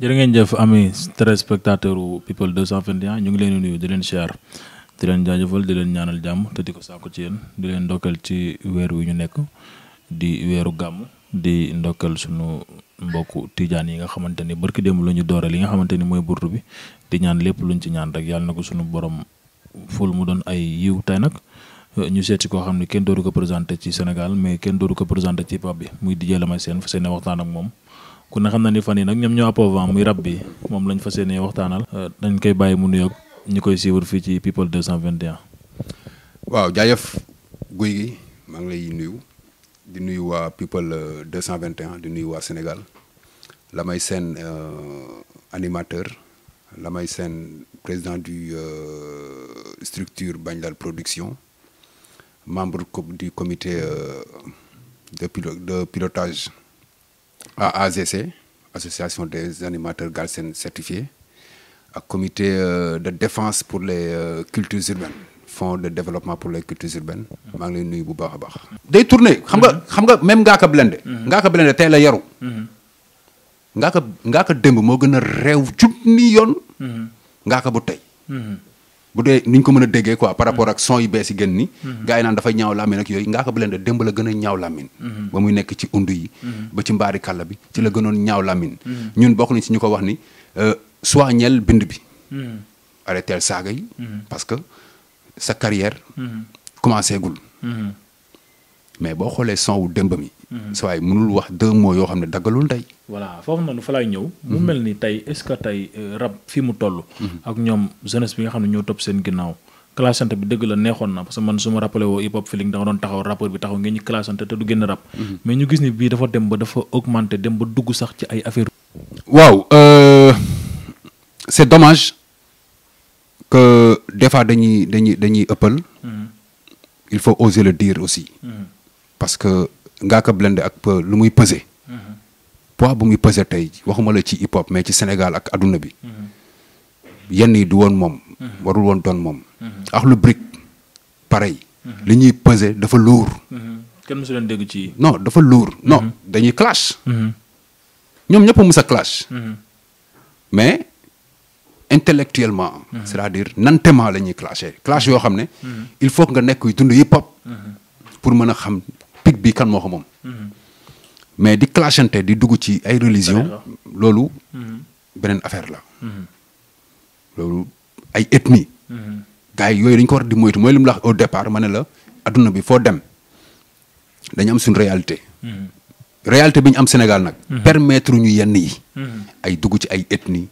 jërë ngeen jëf ami téléspectateur u people 221 ñu ngi leen di nuyu di leen siyaar di leen jaajafal di leen ñaanal jàmm te di ko sàkku ci yéen di leen ndokkal ci weer wi ñu nekk di weeru gàmm di ndokkal sunu mbokku tijaan yi nga xamante ni barki démb la ñu doore li nga xamante ni mooy burtu bi di ñaan lépp luñ ci ñaan rek yàlla na ko suñu borom ful mu doon ay yiw tey nag eh, ñu seet si koo xam ne kenn dooru ko présenté ci Sénégal mais kenn dooru ko présenté ci pap bi muy Dj Lamine Sène fa seen waxtaan ak moom ku ne xam na ni fan yi nag ñoom ñoo appauvent muy rab bi moom lañ fa yéenee waxtaanal euh, dañ koy bàyyi mu nuyoog ñu koy suivre fii ci people 221. waaw jaajëf guy gi maa ngi lay nuyu di nuyu waa people 221 euh, di nuyu waa Sénégal la may seen euh, animateur la may seen président du structure bañ Bagnedal production membre du comité de de pilotage à AGC association des animateurs Galsen certifiés ak comité euh, de défense pour les euh, cultures urbaines fonds de développement pour les cultures urbaines maa ngi lay nuyu bu baax a baax. day tourner xam nga mm-hmm. xam nga même Ngaaka Blindé. Mm-hmm. Ngaaka Blindé tey la yaru. Mm-hmm. Ngaaka Ngaaka démb moo gën a réew junni yoon. Ngaaka bu tey. bu dee ni ñu ko mën a déggee quoi par mm-hmm. rapport ak son yu bees yi gën ni mm-hmm. gars yi naan dafay ñaaw làmmiñ ak yooyu ngaa ko Blindé démb la gën a ñaaw làmmiñ mm-hmm. ba muy nekk ci undu yi ba ci mbaari kàlla bi ci la gënoon ñaaw làmmiñ ñun bokk nañ si ñu ko wax ni euh, soignel bind bi arrêteel saaga yi parce que sa carrière commencé gul mais boo xoolee son wu ba mi. Mhm. sa waay mënul wax deux mots yoo xam ne daggalul tey. voilà foofu noonu fa laay ñëw. mu mhm. mel ni tey est-ce que tey euh, rab fi mu toll. Mhm. ak ñoom jeunesse bi nga xam ne ñoo topp seen ginnaaw. classante bi dëgg la neexoon na parce su ma rappelé woo hip hop feeling da nga doon taxaw rappeur bi taxaw ngeen ñu te du génn rap. mais ñu gis ni bii dafa dem ba dafa augmenté dem ba dugg sax ci ay affaire waaw euh, c'est dommage que des fois dañuy dañuy dañuy ëppal. il faut oser le dire aussi. parce que Ngaaka Blindé ak lu muy peser. Mm-hmm. poids bu muy peser tey waxuma la ci hip hop mais ci Sénégal ak adduna bi. Mm-hmm. yenn yi du woon moom. Mm-hmm. warul woon doon moom. ak lu brique pareil. li ñuy peser dafa lourd. kenn mësu dégg ci. dafa lourd. non dañuy clash. ñoom ñëpp a mës a mais intellectuellement. c'est-à-dire nantement la ñuy clasher clash yoo xam ne. il faut nga nekk dund hip hop. pour mën a xam pic bi kan moo ko moom. mais di dugg ci ay religion loolu mhm. beneen affaire la mhm. loolu ay ethnie mhm. gars yooyu dañ ko war di moytu mooy li la au départ ma ne la adduna bi foo dem dañu am suñu réalité réalité biñ am Sénégal nag permettre ñu yenn yi ay dugg ci ay ethnie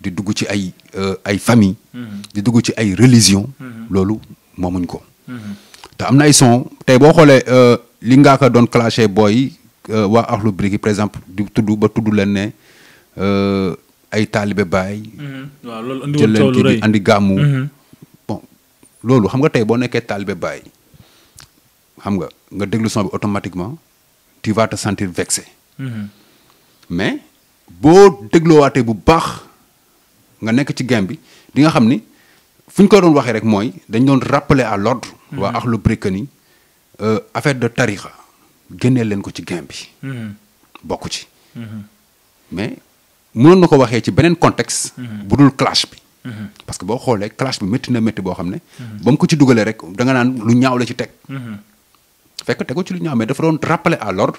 di dugg ci ay euh, ay famille di dugg ci ay religion loolu moomuñ ko te am na ay son tey boo xoolee euh, li ngaa ko doon clashé booy euh, waa axlu briki par exemple di tuddu ba tuddu leen ne euh, ay taalibe baay. Mhm. waaw loolu andi jël leen kii andi gàmmu. Mhm. bon loolu xam nga tey boo nekkee taalibe baay xam nga nga déglu son bi automatiquement tu vas te sentir vexé. Mhm. mais boo dégloowaatee bu baax nga nekk ci game bi di nga xam ni fu ñu ko doon waxee rek mooy dañ doon rappeler à l'ordre waa axlu briki nii Euh, affaire de tarixa génnee leen ko ci gain bi. Mhm. bokk ci. Mhm. mais munoon na ko waxee ci beneen context mhm. bu dul clash bi. parce que boo xoolee clash bi métti na métti boo xam ne. ba ko ci dugalee rek danga naan lu ñaaw la ci teg. fekk tegu ci lu ñaaw mais dafa doon rappeler à l'ordre.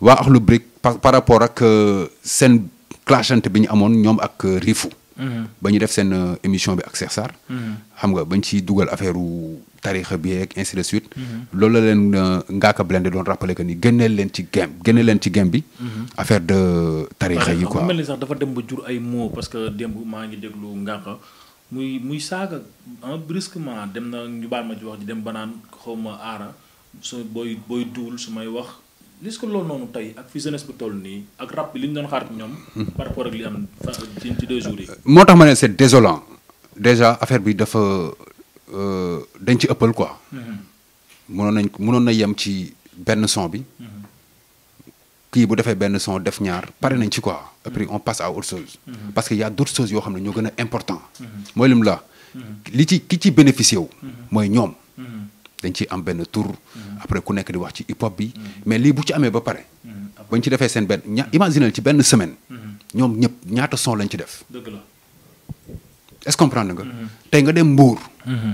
waa Akhlou Brick par rapport ak euh, seen clashante bi ñu amoon ñoom ak euh, Rifu. Mm-hmm. ba ñu def seen euh, émission bi ak Cheikh Sarr. Mm-hmm. xam nga bañ ciy dugal affaire tarixa bi ak ainsi de suite. Mm-hmm. loolu la leen euh, Ngaaka Blindé doon rappelé que ni génneel leen ci game leen ci game bi. affaire de euh, tarixa yi quoi. mel ni sax dafa dem ba jur ay mots parce que démb maa ngi déglu Ngaaka muy muy saaga ah brusquement dem na ñu baal ma ci wax ji dem banaan xaw ma aara su booy booy duul su may wax. est-ce que loolu noonu tey ak fi jeunesse bu toll nii ak rap bi li ñu doon xaar ñoom. li moo tax ma ne c'est désolant déjà affaire bi dafa euh, dañ ci ëppal quoi. Mhm. mënoon nañ mënoon na yem ci benn son bi. Mhm. kii bu defee benn son def ñaar pare nañ ci quoi. Mhm. après on passe à autre chose. parce que y a d'autres choses yoo xam ne ñoo gën a important. mooy lim la. li ci ki ci bénéficié wu. mooy ñoom. dañ ciy am benn tour après ku nekk di wax ci hip hop bi mais lii bu ci amee ba pare bañ ci defee seen benn ña ci benn semaine ñoom ñëp ñaata son lañ ci def la est-ce comprendre nga mhm. tey nga dem mbuur mhm.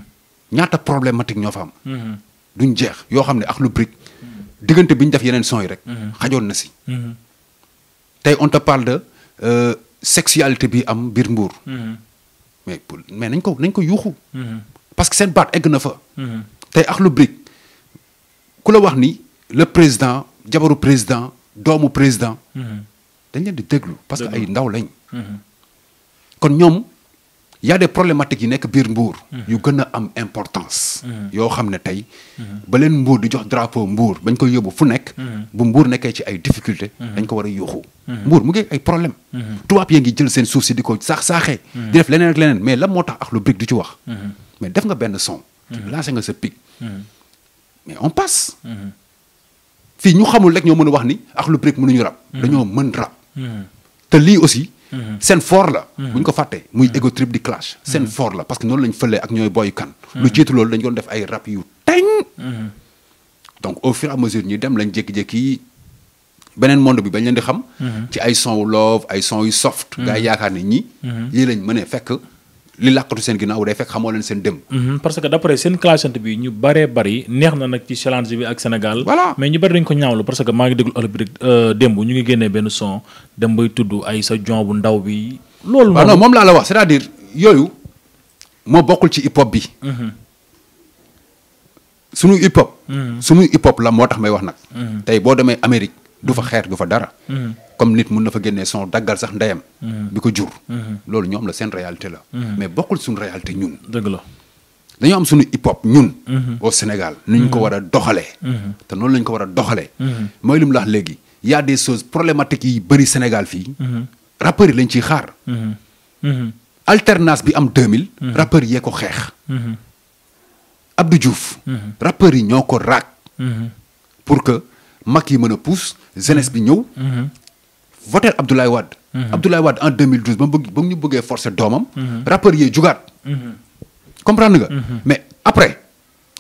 ñaata problématique ñoo fa am mhm. duñ jeex yoo xam ne ak lu brique diggante biñ ñu def yeneen son yi rek xajoon na si tey on te parle euh, sexualité bi am biir mbuur mais mais nañ ko nañ ko yuuxu parce que seen baat egg na fa tey Akhlou Brick ku la wax ni le président jabaru président doomu président. Mhm. dañ leen di déglu parce que ay ndaw lañ. Mhm. kon ñoom y a des yi nekk biir mbuur mhm. yu gën a am importance. yoo xam ne tey. ba leen Mbour di jox drapeau Mbour bañ koy yóbbu fu nekk. bu mbuur nekkee ci ay difficultés. dañ ko war a yuuxu. Mbour mu ngi ay problème tubaab yee ngi jël seen suuf si di ko saax saaxee. di def leneen ak leneen mais lan moo tax Akhlou Brick di ci wax. mais def nga benn son. lancé nga sa pic. mais on passe. Mm-hmm. fii ñu xamul rek ñoo mën wax ni ak lu bëri mënuñu rab. Mm-hmm. dañoo mën rab. Mm-hmm. te lii aussi. seen fort la. bu ko fàttee muy ego trip di clash. seen fort la parce que noonu lañ fëlee ak ñooy boy kan. lu jiitu loolu dañ doon def ay rap yu teñ. donc au fur et à mesure ñuy dem lañ jékki-jékki beneen monde bi bañ leen di xam. ci ay son love ay son yu soft. nga yaakaar ne ñi lii lañ mënee fekk. li làqatu seen ginnaaw day fekk xamoo leen seen dem. Mhm, parce que d'après seen clashante bi ñu baree bari neex na nag ci challenge bi ak Sénégal. voilà mais ñu bari dañ ko ñaawlu parce que maa ngi déglu ëllëg rek euh, démb ñu ngi génnee benn son dem bay tudd ay sa jon bu ndaw bi. loolu moom moom laa la wax c'est-à-dire yooyu moo bokkul ci hip hop bi. Mhm. sunu hip hop. Mhm. sunu hip hop la moo tax may wax nag. tey boo demee Amérique. du fa xeet du fa dara. Mm-hmm. comme nit mun na fa génnee son daggal sax ndeyam. Mm-hmm. bi ko jur. Mm-hmm. loolu ñoom la seen réalité la. mais bokkul suñu réalité ñun. la dañoo am suñu hip hop ñun. au Sénégal ni ñu ko war a doxalee. te noonu lañ ko war a doxalee. mooy li mu la wax léegi y a des choses problématiques yi bëri Sénégal fii. rappeurs yi lañ ciy xaar. alternance bi am 2000. rappeurs yee ko xeex. Abdou Diouf. rappeurs yi ñoo ko raak. pour que. mag yi a pousse jeunesse bi ñëw. Mhm. voter Abdoulaye Wade. Mhm. Abdoulaye Wade en 2012 ba mu bëgg ba mu ñu bëggee forcer doomam. Mhm. rappeurs yee jugaat. comprendre nga. mais après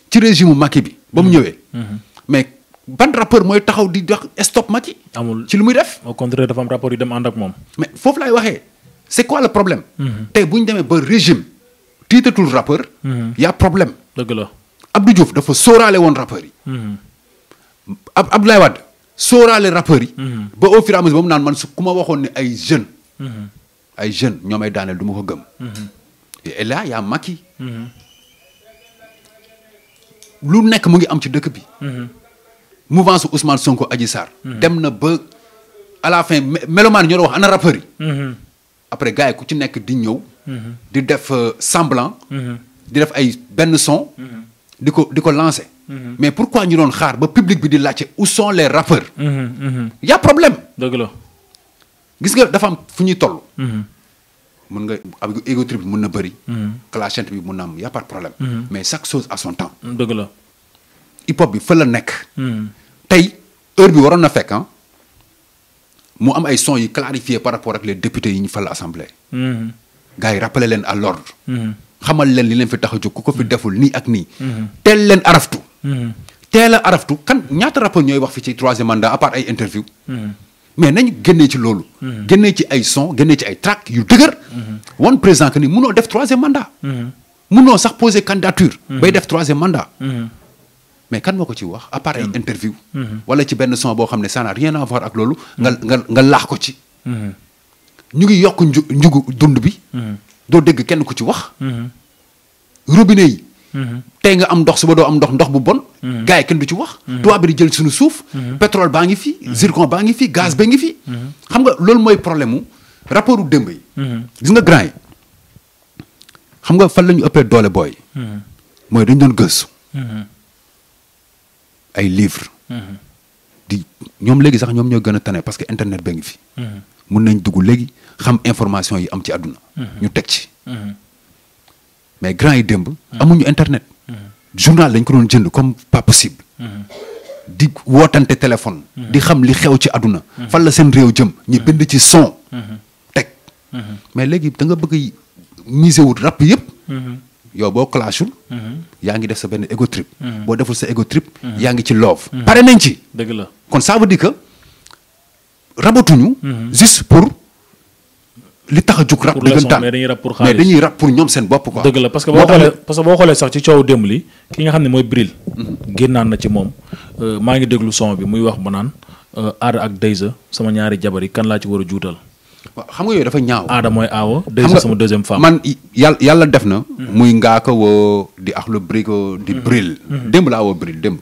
ci régime Macky bi ba mu ñëwee. mais ban rappeur mooy taxaw di wax stop Macky. amul ci li muy def. au contraire dafa foofu laay waxee c' est problème. tey bu demee ba régime tiitatul rappeur. y' a problème. dëgg dafa sóoraale woon rappeurs yi. ab Abdoulaye Wade sóoraale rappeurs yi. ba au fur et à ba mu naan man su ku waxoon ne ay jeunes. Mm-hmm. ay daaneel du ma ko gëm. Mm-hmm. et là y' a Macky. Mm-hmm. lu nekk mu ngi am ci dëkk bi. mouvance Ousmane Sonko Adji Sarr. dem na ba à la fin melomaan ñoo wax ana rappeurs après gars yi ku ci nekk di ñëw. di def euh, semblant. di def ay benn son. di ko di Mm-hmm. mais pourquoi ñu doon xaar ba public bi di laajte où sont les rappeurs. Mm-hmm, mm-hmm. y' a problème. dëgg la. gis nga dafa am fu mën nga avec égo bi mën na bëri. clashante bi y' a mais chaque chose à son temps. Mm, dëgg la. hip bi fa la nekk. tey heure bi waroon na fekk ah mu am ay sons yu clarifié ak les yi ñu fa la assemblée. gars yi rappelé leen à l'ordre xamal leen li leen fi tax a jóg ko fi deful nii ak nii. teel leen araftu. teel a araftu kan ñaata rapport ñooy wax fi ci troisième mandat à part ay interview mais nañ génnee ci loolu génnee ci ay son génnee ci ay track yu dëgër wan président que ni munoo def troisième mandat noo sax poser candidature bay def troisième mandat mais kan moo ko ci wax à part ay interview wala ci benn son boo xam ne ça n'a rien à ak loolu nga nga nga laax ko ci ñu ngi yokk nju njugu dund bi doo dégg kenn ku ci wax robinet yi tey nga am ndox suba doo am ndox ndox bu bon. Mhm. gars yi du ci wax. Mhm. tubaab bi di jël suñu suuf. Mhm. pétrole baa ngi fi. zircon baa ngi fi gaz ba ngi fi. xam nga loolu mooy problème mu rapportu démb yi. gis xam nga fan la ñu ëppee doole booy. mooy dañ doon gëstu. ay livres. di ñoom léegi sax ñoom ñoo gën a tane parce que internet ba ngi fi. mun nañ dugg léegi xam information yi am ci àdduna. ñu teg ci. mais grand yi démb. amuñu internet. journal lañ ko doon jënd comme pas possible. di wootante téléphone. di xam li xew ci àdduna. fan la seen réew jëm. ñu bind ci son. teg mais léegi danga bëgg miser wut rap yëpp. yow boo clashul. yaa ngi def sa benn ego boo deful sa ego yaa ngi ci love. pare nañ ci. dëgg la kon ça veut dire rabatuñu. Mhm. juste pour. li tax a jug rap dëggantaan mais dañuy rap pour xaalis mais dañuy rap pour ñoom seen bopp quoi. dëgg la parce boo xoolee sax ci coow démb li ki nga xam ne mooy Bril. Mhm. génnaan na ci moom euh, maa ngi déglu son bi muy wax ba naan euh, aada ak Dayza sama ñaari jabar kan laa ci war a juutal. waaw xam nga yooyu dafa ñaaw. aada mooy aawa Dayza sama deuxième femme. man yàlla yàlla def na. Mhm. muy ngaaka woo di ax lu brik di mhm. Bril. démb laa woo Bril démb.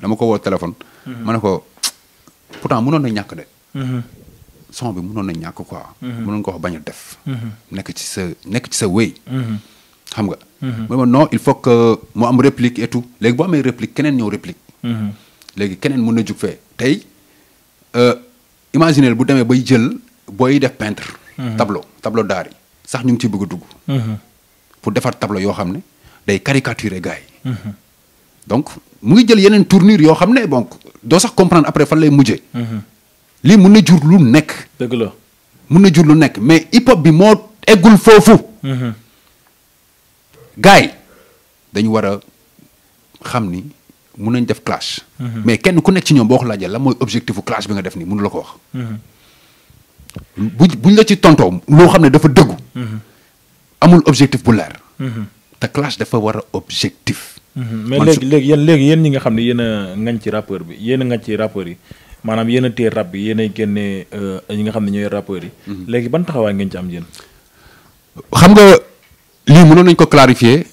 dama ko woo téléphone. ma ne ko pourtant de. son bi mënoon na ñàkk quoi. Mhm. mënoon ko wax bañ a def. Mhm. nekk ci sa nekk ci sa wéy. Mhm. xam nga. mu ne ma non il faut que mu am réplique et tout léegi boo amee réplique keneen ñëw réplique. léegi keneen mën na jug fee tey euh, imaginez bu demee ba jël booy def peintre. tableau tableau d'art yi sax ñu ngi ciy bëgg a dugg. pour defar tableau yoo xam ne day caricaturer gars yi. donc mu ngi jël yeneen tournure yoo xam ne doo sax comprendre après fan lay mujjee. lii mun na jur lu nekk. dëgg la mun na jur lu nekk mais hip hop bi moo eggul foofu. Mm-hmm. gars yi dañu war a xam ni mun nañ def clash. Mm-hmm. mais kenn ku nekk ci ñoom boo ko laajee la mooy objectif bu bi nga def nii mënu la ko wax. Mm-hmm. bu buñ la ci tontoo loo xam ne dafa dëggu. amul objectif bu leer. te clash dafa war a objectif. mais léegi léegi yéen léegi yéen ñi nga xam ne yéen a ci rappeur bi yéen a ngañ ci rappeur yi. maanaam yéen a téye rap yi yéen a génne euh, ñi nga xam ne ñooy rappeurs yi. Mhm. léegi ban taxawaay ngeen ci am xam nga lii mënoon nañ ko clarifier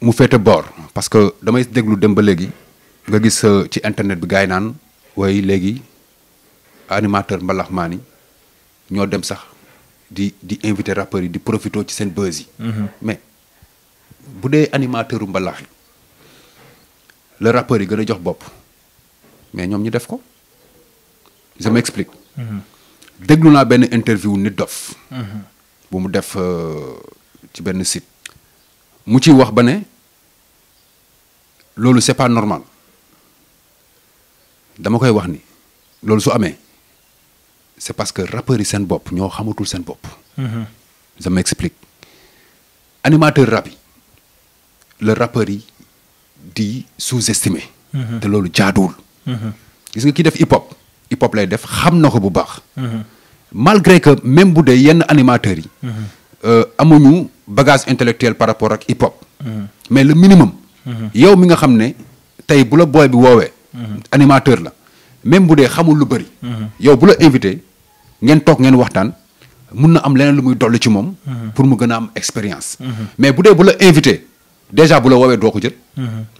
mu féete boor parce que damay déglu dem ba léegi nga gis euh, ci internet bi gars yi naan waaye léegi animateur mbalax maani ñoo dem sax di di invité rappeurs yi di profité ci seen buzz yi. Mhm. mais bu dee animateur mbalax yi la rappeurs yi gën a jox bopp mais ñoom ñu def ko. je m'explique. déglu naa benn interview nit dof. bu mu def euh, ci benn site. mu ci wax ba ne loolu c'est pas normal dama koy wax ni loolu su amee c'est parce que rappeurs yi seen bopp ñoo xamatul seen bopp. je m'explique animateur rap yi le di sous-estimé. Mhm. te loolu jaaduwul. gis ki def hip hop. hip hop lay def xam na ko bu baax. Mhm. malgré que même bu dee yenn animateurs yi. Mhm. Euh, amuñu bagage intellectuel par rapport ak hip hop. Mhm. mais le minimum. yow mi nga xam ne tey bu la booy bi woowee. animateur la même bu dee xamul lu bëri. yow bu la invité ngeen toog ngeen waxtaan mun na am leneen lu muy dolli ci moom. pour mu gën a am expérience. mais bu dee bu la invité déjà bu la woowee doo ko jël.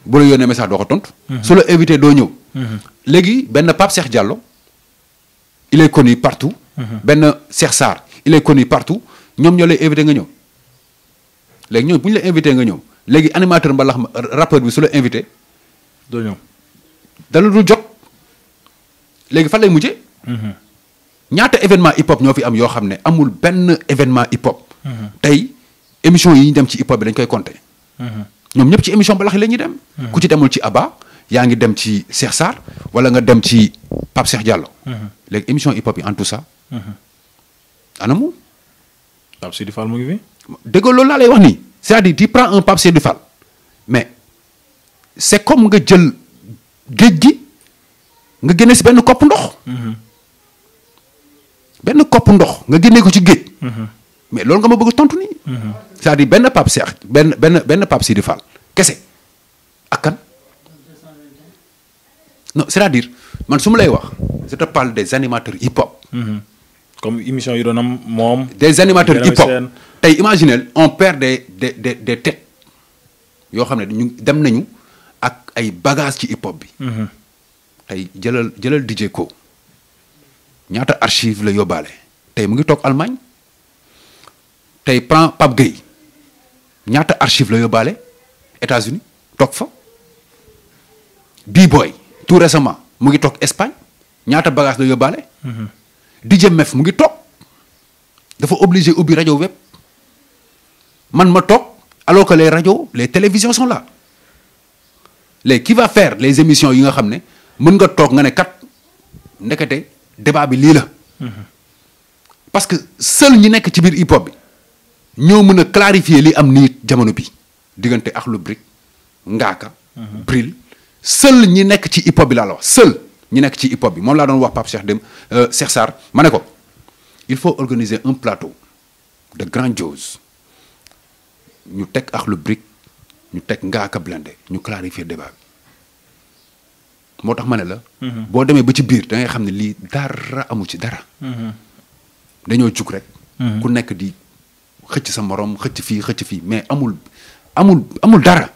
bu la yónnee message doo ko tontu. su la invité doo ñëw. léegi benn Pape Cheikh il est partout. Mhm. benn Cheikh Sarr il est connu partout ñoom ñoo lay nga ñëw léegi ñoom bu la invité nga ñëw léegi animateur mbalax ma rappeur bi su la invité. doo ñëw dala dul fan lay mujjee. Mhm. ñaata événement hip hop ñoo fi am yoo xam ne amul benn événement hip hop. Mhm. tey émission yi ñu dem ci hip hop bi dañ koy compter. ñoom ñëpp ci émission mbalax yi la ñuy dem. ku ci demul ci Abba yaa ngi dem ci Cheikh Sarr wala nga dem ci Pape Cheikh Diallo. léegi émission hip yi en tout ça. Mhm. anamu. Pape Sidi Fall mu ngi wax nii c'est-à-dire tu prends mais c'est comme nga jël géej gi nga génne si benn kopp ndox. Mhm. benn kopp ndox nga génne ko ci géej. Mhm. mais loolu nga ma bëgg tontu nii. c'est-à-dire benn Pape Cheikh benn benn benn Pape Sidi Fall kese ak kan c'est-à-dire man su lay wax. je te parle des animateurs hip hop. Mhm. comme moom. des animateurs hip hop tey imaginez on perd des des des yoo xam ne ñu dem nañu ak ay bagages ci hip hop bi. Mhm. tey jëlal jëlal DJ Ko ñaata archive la yóbbaale tey mu ngi toog Allemagne tey prend Pape Gueye ñaata archive la yóbbaale États-Unis toog fa b tout récemment mu ngi toog Espagne. ñaata bagage la yóbbaale. Mhm. DJ Mef mu ngi toog dafa obligé ubbi rajo web man ma toog alors que les radios les télévisions sont là léegi qui va faire les émissions yi nga xam ne mën nga toog nga ne kat ndekete débat bi lii la. Mhm. parce que sël ñi nekk ci biir hip hop bi ñoo mën a clarifier li am nii jamono bi diggante Akhlou Brick Ngaaka. Mhm. Bril seul ñi nekk ci hip hop bi laa la wax ñu nekk ci hip bi moom laa doon wax Pape Cheikh dem euh, ma ne ko il faut organiser un plateau de grandiose ñu teg Akhlou Brick ñu teg Ngaaka Blindé ñu clarifier débat bi moo tax ma ne la. Mhm. boo demee ba ci biir da xam ne lii dara amul ci dara. Mhm. dañoo jug rek. Mhm. ku nekk di xëcc sa morom xëcc fii xëcc fii mais amul amul amul dara.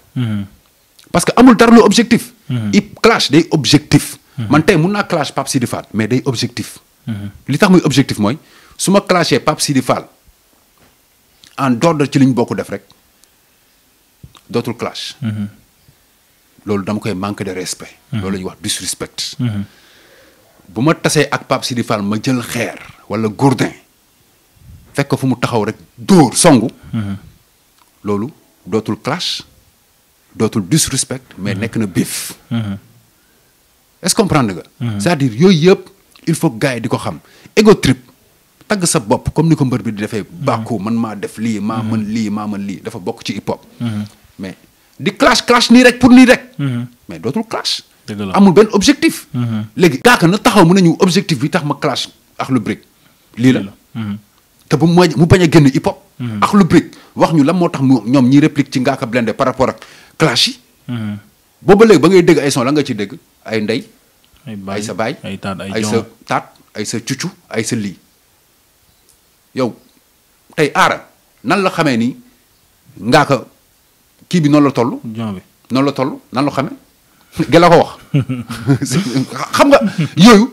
parce que amul dara lu objectif. hip clash day objectif. man tey mun naa clash Pape Sidi Fall mais day objectif. li tax muy objectif mooy su ma clashee Pape Sidi Fall en dehors ci li bokk def rek dootul clash. loolu dama koy manque de respect. loolu la wax disrespect. bu ma tasee ak Pape Sidi ma jël xeer wala gourdin fekk fu mu taxaw rek dóor songu. loolu dootul clash dootul disrespect mais nekk na biif. est-ce comprendre nga. c'est-à-dire yooyu yëpp il faut gars yi di ko xam ego trip tagg sa bopp comme ni ko mbër bi di defee. bàkku man maa def lii maa mhm. mën lii maa man lii dafa bokk ci hip hop. Mhm. mais di clash clash nii rek pour nii rek. Mhm. mais dootul clash. amul benn objectif. léegi gaaka na taxaw mu ne ñu objectif bi tax ma clash ak lu brique lii la. te bu mu mu bañ a génn hip hop. ak lu brique wax ñu lan moo tax mu ñoom ñiy réplique ci ngaaka blende par rapport ak clash boobu ba léegi ba ngay dégg ay son la nga ci dégg ay ndey. ay sa baay ay taat ay sa taat ay sa cucu ay sa lii yow tey aara nan la xamee ni ngaa ko kii bi noonu la toll. jon bi noonu la toll nan la xamee gela ko wax xam nga yooyu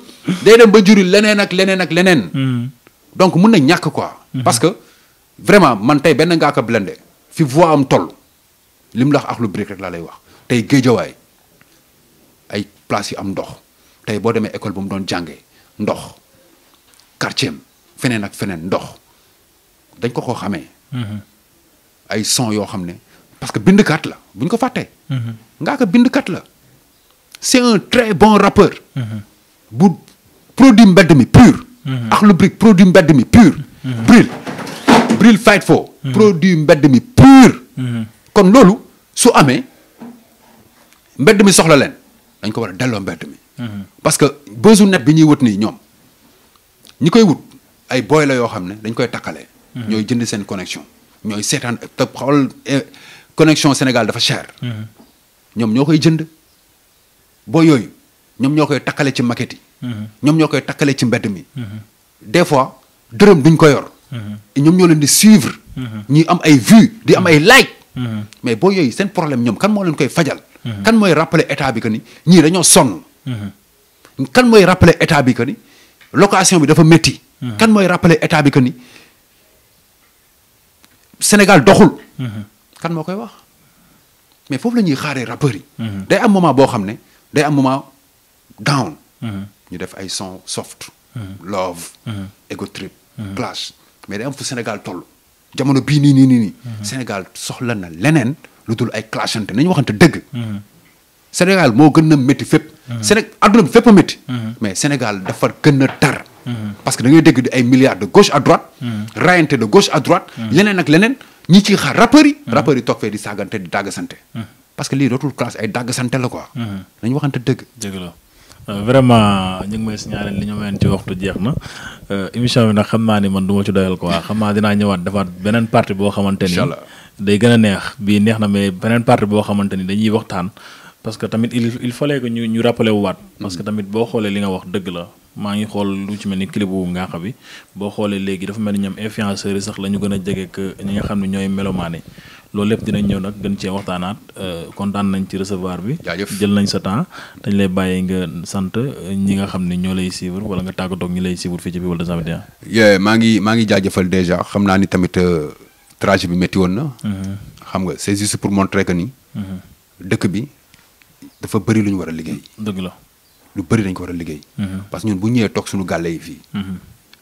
day dem ba juri leneen ak leneen ak leneen. Hmm. donc mun na ñàkk quoi. Hmm. parce que vraiment man tey benn ngaa ko blende fi voix am toll lim la wax ak lu brique laa lay wax. tey géejawaay ay place yu am ndox tey boo demee école bu mu doon jàngee ndox quartier feneen ak feneen ndox dañ ko koo xamee. Mhm. ay son yoo xam ne parce que bindkat la buñ ko fàttee. Mhm. ngaa ko bindkat la. c'est un très bon rappeur. Mhm. bu produit mbedd mi pur. ak lu brique produit mbedd mi pur. kon loolu su amee mbedd mi soxla leen dañ ko war a delloo mbedd mi. Mhm. parce que besoin net bi ñuy wut nii ñoom ñi koy wut ay booy la yoo xam ne dañ koy takkale mhm. ñooy jënd seen connexion. ñooy seetaan te xool eh, connexion Sénégal dafa cher. Mhm. ñoom ñoo koy jënd boo yooyu ñoom ñoo koy takkale ci maquette yi. ñoom ñoo koy takkale ci mbedd mi. des fois dërëm duñ ko yor. ñoom ñoo leen di suivre. ñuy am ay vues di am ay like. mais boo yooyu seen problème ñoom kan moo leen koy fajal. Mhm. kan mooy rappeler état bi que ni ñii dañoo sonn. Mhm. kan mooy rappeler état bi que ni location bi dafa métti. Mhm. kan mooy rappeler état bi que ni Sénégal doxul. kan moo koy wax mais foofu la ñuy xaaree rappeurs yi. day am moment boo xam ne day am moment down. ñu def ay son soft. love. ego trip. mais day am fu Sénégal toll jamono bii nii nii nii Sénégal soxla na leneen. lu dul ay clashante nañu waxante dëgg. Mhm. Sénégal moo gën a métti fépp. Mhm. Séné adduna bi fépp a métti. Mhm. mais Sénégal dafa gën a tar. parce que da ngay dégg di ay milliards de gauche à droite. rayante de gauche à droite. leneen ak leneen ñi ci xaar rappeurs yi. rappeurs yi toog fee di saagante di dàggasante. parce que lii dootul classe ay dàggasante la quoi. nañu waxante dëgg. dëgg la. Euh, vraiment ñu ngi may signaler li ñu mayoon ci waxtu jeex na euh, émission bi nag xam naa ni man du ma ci doyal quoi xam naa dinaa ñëwaat boo xamante ni. day gën neex bii neex na mais beneen partie boo xamante ni dañuy waxtaan parce que tamit il il fallait ñu ñu waat. parce que tamit boo xoolee li nga wax dëgg la maa ngi xool lu ci mel ni clip bu Ngaaka bi boo xoolee léegi dafa mel ni ñoom influenceurs yi sax la ñu gën a jege que ñi nga xam ne ñooy melomaan yi loolu lépp dinañ ñëw nag gën cee waxtaanaat euh, kontaan nañ ci resevoir bi. jaajëf jël nañ sa temps dañ lay bàyyi nga sant euh, ñi nga xam ne ñoo lay suivre wala nga tàggatoo ñi lay suivre fii ci People maa ngi maa ngi jaajëfal dèjà xam naa ni tamit. Euh, trajet bi métti woon na. Mhm. xam nga c'est juste pour montrer que ni. Mhm. dëkk bi dafa bëri lu ñu war a liggéey. dëgg la lu bëri dañ ko war a liggéey. Mhm. parce que ñun bu ñëwee toog suñu gàlle yi fii.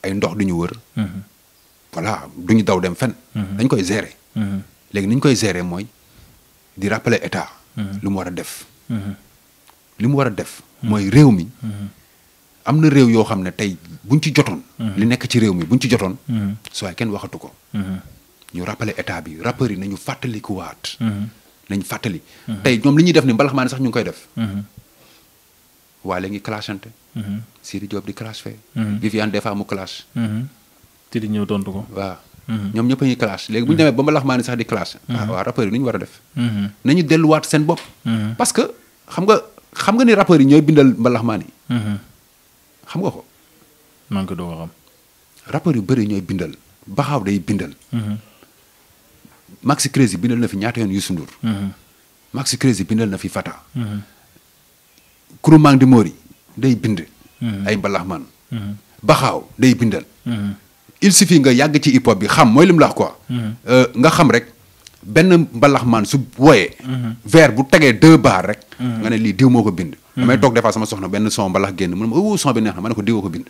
ay ndox du ñu wër. voilà du ñu daw dem fen dañ koy gérer. léegi ni ñu koy gérer mooy di rappeler état. lu mu war a def. li mu war a def. mooy réew mi. am na réew yoo xam ne tey buñ ci jotoon. li nekk ci réew mi buñ ci jotoon. soo kenn waxatu ko. ñu rappelé état bi rappeurs yi nañu fàttalikuwaat. Mhm. nañ fàttali. Mhm. tey ñoom li ñuy def ni mbalax maa sax ñu ngi koy def. Mhm. waa léegi clashante. Sidi Diop di clash fee. Viviane des fois mu clash. te di ñëw tontu ko. waaw ñoom ñëpp a ngi clash léegi bu ñu demee ba mbalax maa ne sax di clash. ah waa rappeurs yi ñu war a def. nañu delluwaat seen bopp. parce que xam nga xam nga ni rappeurs yi ñooy bindal mbalax maa ni. xam nga ko. man ko doo ko xam. rappeurs yu bëri ñooy bindal baxaaw day bindal. Maxi Crazy bindal na fi ñaata yoon Youssou Ndour. Mhm. Maxi Crazy bindal na fi Fata. Mhm. Kourouma di Mori day bind. Mhm. ay mbalax man. Baxaaw day bindal. il fii nga yàgg ci hip hop bi xam mooy lim la ko euh, nga xam rek benn mbalax man su wooyee. vers bu tegee deux barres rek. nga ne lii diw moo ko bind. damay toog defaa sama soxna benn son mbalax génn mu ma oh, son bi neex na ma ne ko diw ko bind.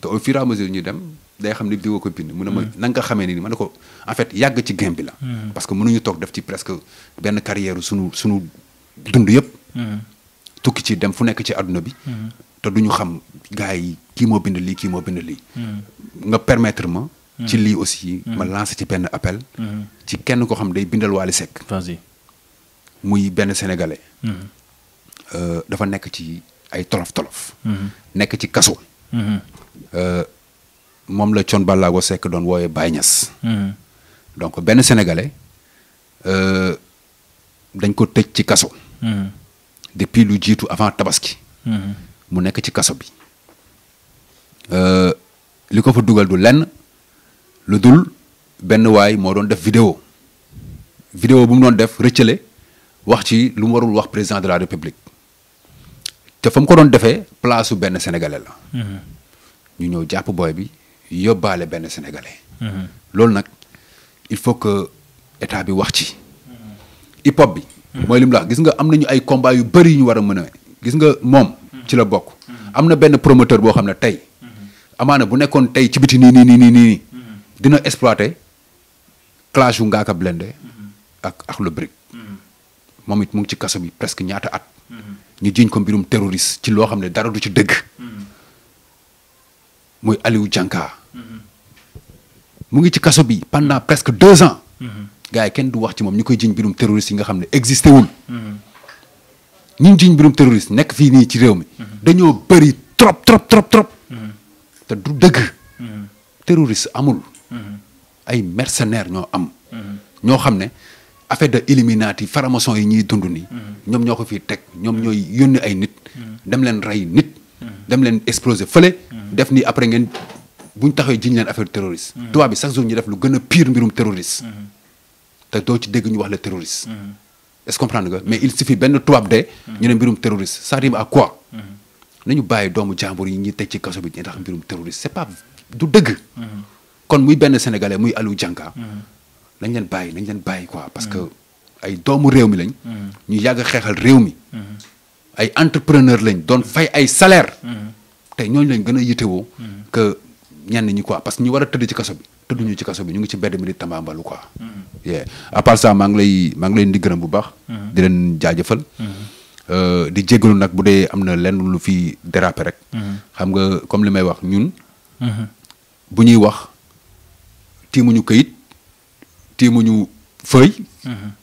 te au fur et ñu mesure ñuy dem day xam ni diwa ko bind. mu ne ma hmm. na nga xamee ni ma ne ko en fait yàgg ci game bi la. Hmm. parce que ñu toog def ci presque benn carrière suñu suñu dund yëpp. Hmm. tukki ci dem fu nekk ci àdduna bi. te duñu xam gars yi kii moo bind lii kii moo bind lii. nga permettre ma. ci lii aussi ma lancé ci benn appel. ci kenn ko xam day bindal Wally Seck. muy benn sénégalais. Euh, dafa nekk ci ay tolof tolof. nekk ci kaso. Euh, moom la Thione Ballago Seck doon wooyee Baye Niass. Hmm. donc benn sénégalais euh, dañ ko tëj ci kaso. Hmm. depuis lu jiitu avant tabaski. Hmm. mu nekk ci kaso bi. Euh, li ko fa dugal du lenn lu dul benn waay moo doon def vidéo vidéo bu mu doon def rëccale wax ci lu mu warul wax président de la république te fa mu ko doon defee place su benn sénégalais la. ñu ñëw jàpp booy bi yóbbaale benn sénégalais. Mhm. loolu nag il faut que état bi wax ci. hip hop bi. Mhm. mooy lim la gis nga am nañu ay combat yu bëri ñu war a mën a gis nga moom. Mhm. ci la bokk. am na benn promoteur boo xam ne tey. amaana bu nekkoon tey ci biti nii nii nii nii nii. dina exploiter clash yu Ngaaka Blindé ak ak le brick moom it mu ngi ci kaso bi presque ñaata at. ñu jiñ ko mbirum terroriste ci loo xam ne dara du ci dëgg. mooy Aliou Dianka mm-hmm. mu ngi ci kaso bi pendant presque deux ans mm-hmm. gars yi kenn du wax ci moom ñu koy jiñ birum terroriste yi nga xam ne existé wul mm-hmm. ñun jiñ birum terroriste nekk fii nii ci réew mi dañoo bëri trop trop trop trop te du dëgg terroriste amul ay mercenaires ñoo am ñoo xam ne affaire de illuminati faramason yi ñuy dund ni ñoom ñoo ko fiy teg ñoom ñooy yónni ay nit dem leen nit dem leen exploser fële. Mm-hmm. def nii après ngeen bu ñu taxawee jiñ leen affaire terroriste. Mm-hmm. tubaab bi chaque jour ñu def lu gën a pire mbirum terroriste. Mm-hmm. te doo ci dégg ñu wax la terroriste. est-ce comprendre nga mais il suffit benn tubaab de. ñu ne mbirum terroriste ça rime à quoi. nañu bàyyi doomu jàmbur yi ñuy teg ci kaso bi ñu tax mbirum terroriste c'est pas du dëgg. kon muy benn sénégalais muy Aliou Dianka. nañ leen bàyyi nañ leen bàyyi quoi parce que ay doomu réew mi lañ. ñu yàgg xeexal réew mi. ay entrepreneur lañ doon fay ay salaire mm-hmm. tey ñooñu lañ gën a yitewoo mm-hmm. que ñenn ñi quoi parce que ñu war a tëdd ci kaso bi tëdduñu ci kaso bi ñu ngi ci mbedd mi di tambaambalu quoi mm-hmm. yeah à maa ngi lay maa ngi leen di gërëm bu baax di leen jaajëfal euh, di jéggalu nag bu dee am na lenn lu fi déraper rek xam nga comme li may wax ñun bu ñuy wax tiimuñu këyit ñu feuille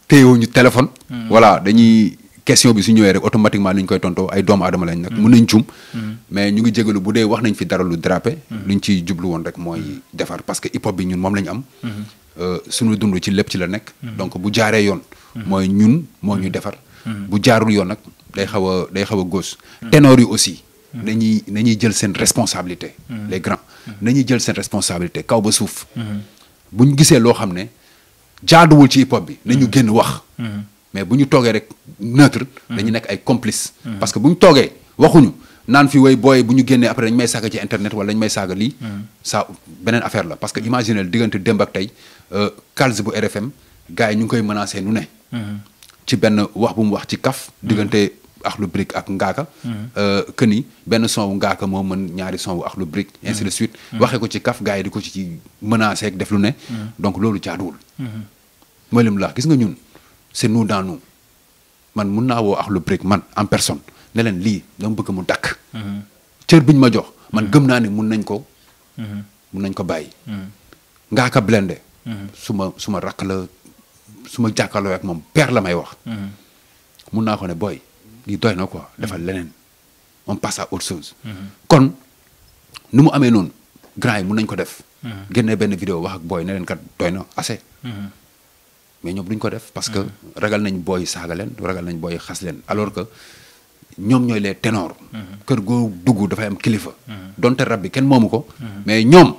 téyewuñu téléphone voilà dañuy question bi su ñëwee rek automatiquement li ñu koy tontoo ay doomu aadama lañ nag. mun mm. nañ jum. Mm. mais ñu ngi jégalu bu dee wax nañ fi dara lu drapé. Mm. luñ ciy jublu woon rek mooy defar parce que hip hop bi ñu am. Mm-hmm. Euh, ci lépp ci la nekk. Mm-hmm. donc bu jaaree yoon. Mm-hmm. mooy ñun moo ñu defar. bu jaarul yoon nag day xaw a day xaw a góos. ténor yi aussi. nañuy nañuy jël seen responsabilité. les grands nañuy jël seen responsabilité kaw ba suuf. ñu gisee loo xam ne jaaduwul ci hip hop bi ñu génn wax. mais bu ñu toogee rek neutre. Mmh. dañu nekk ay complice. Mmh. parce que bu ñu toogee waxuñu naan fi way booy bu ñu génnee après dañu may saaga ci internet wala dañu may saaga lii. Mmh. ça beneen affaire la parce que imaginez diggante dem ak tey euh, Calze bu RFM gars yi ñu ngi koy menacé nu ne. ci benn wax bu mu wax ci kaf. diggante Akhlou Brick ak Ngaaka. Euh, que ni benn son wu Ngaaka moo mën ñaari son wu Akhlou Brick. ainsi de suite waxee ko ci kaf gars yi di ko ci menacé ak def lu ne. donc loolu jaaduwul. gis nga ñun. c'est nous dans man mun naa woo Akhlou Brick man en personne neleen lii dama bëgg mu dakk mhm. cër biñ ma jox man mhm. gëm naa ne mun nañ ko mhm. mun nañ ko bàyyi Ngaaka Blindé su ma su ma rakk la su ma jàkkaarloo ak moom père la may wax mun naa ko ne boy lii doy na quoi defal leneen on passe à autre chose kon nu mu amee noonu grand yi mun nañ ko def génne benn vidéo wax ak booy ne leen kat doy na assez mais ñoom duñ ko def parce que mm. ragal nañ booy saaga leen ragal nañ booy xas leen alors que ñoom ñooy les ténors mm-hmm. kër goo dugg dafay am kilifa mm-hmm. donte rab bi kenn moomu ko mm-hmm. mais ñoom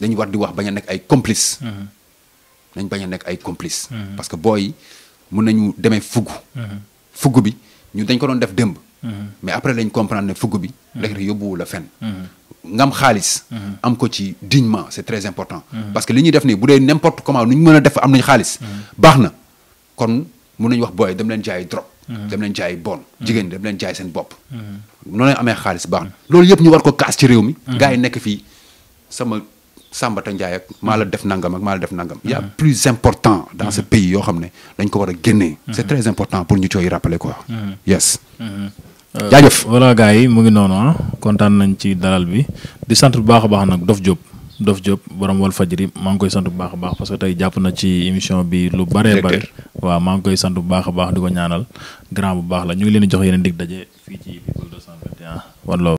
dañu war di wax bañ a nekk ay complice nañ bañ a nekk ay complice parce que booy mun nañu demee fugg fugg bi ñu dañ ko doon def démb. Mhm. mais après lañ comprendre ne fugg bi. rek mhm. rek yóbbuwu la fenn. Mhm. ngam xaalis. am ko ci dignement c'est très important. parce que li ñu def ni bu dee n'importe comment nu ñu mën a def am nañ xaalis. baax na kon mun nañ wax booy dem leen jaay drop. dem leen jaay bon. jigéen dem leen jaay seen bopp. noonu lañ amee xaalis baax na loolu yëpp ñu war ko kaas ci réew mi. gars yi nekk fii Sambata Ndiaye ak maa la def nangam ak maa la def nangam. y' a mm-hmm. plus important dans ce mm-hmm. pays yoo xam ne dañ ko war a génnee. Mm-hmm. c' très important pour ñu cooy rappeler quoi. yes. Euh, jaajëf voilà yi mu ngi noonu ah kontaan nañ ci dalal bi di sant bu baax a baax nag Dof Diop. Dof Diop borom wal fajri maa ngi koy sant bu baax a baax parce tey jàpp na ci émission bi lu bëree bëri waaw maa ngi koy sant bu baax a baax di ko ñaanal grand bu baax la ñu ngi leen di jox yeneen dig daje fii ci People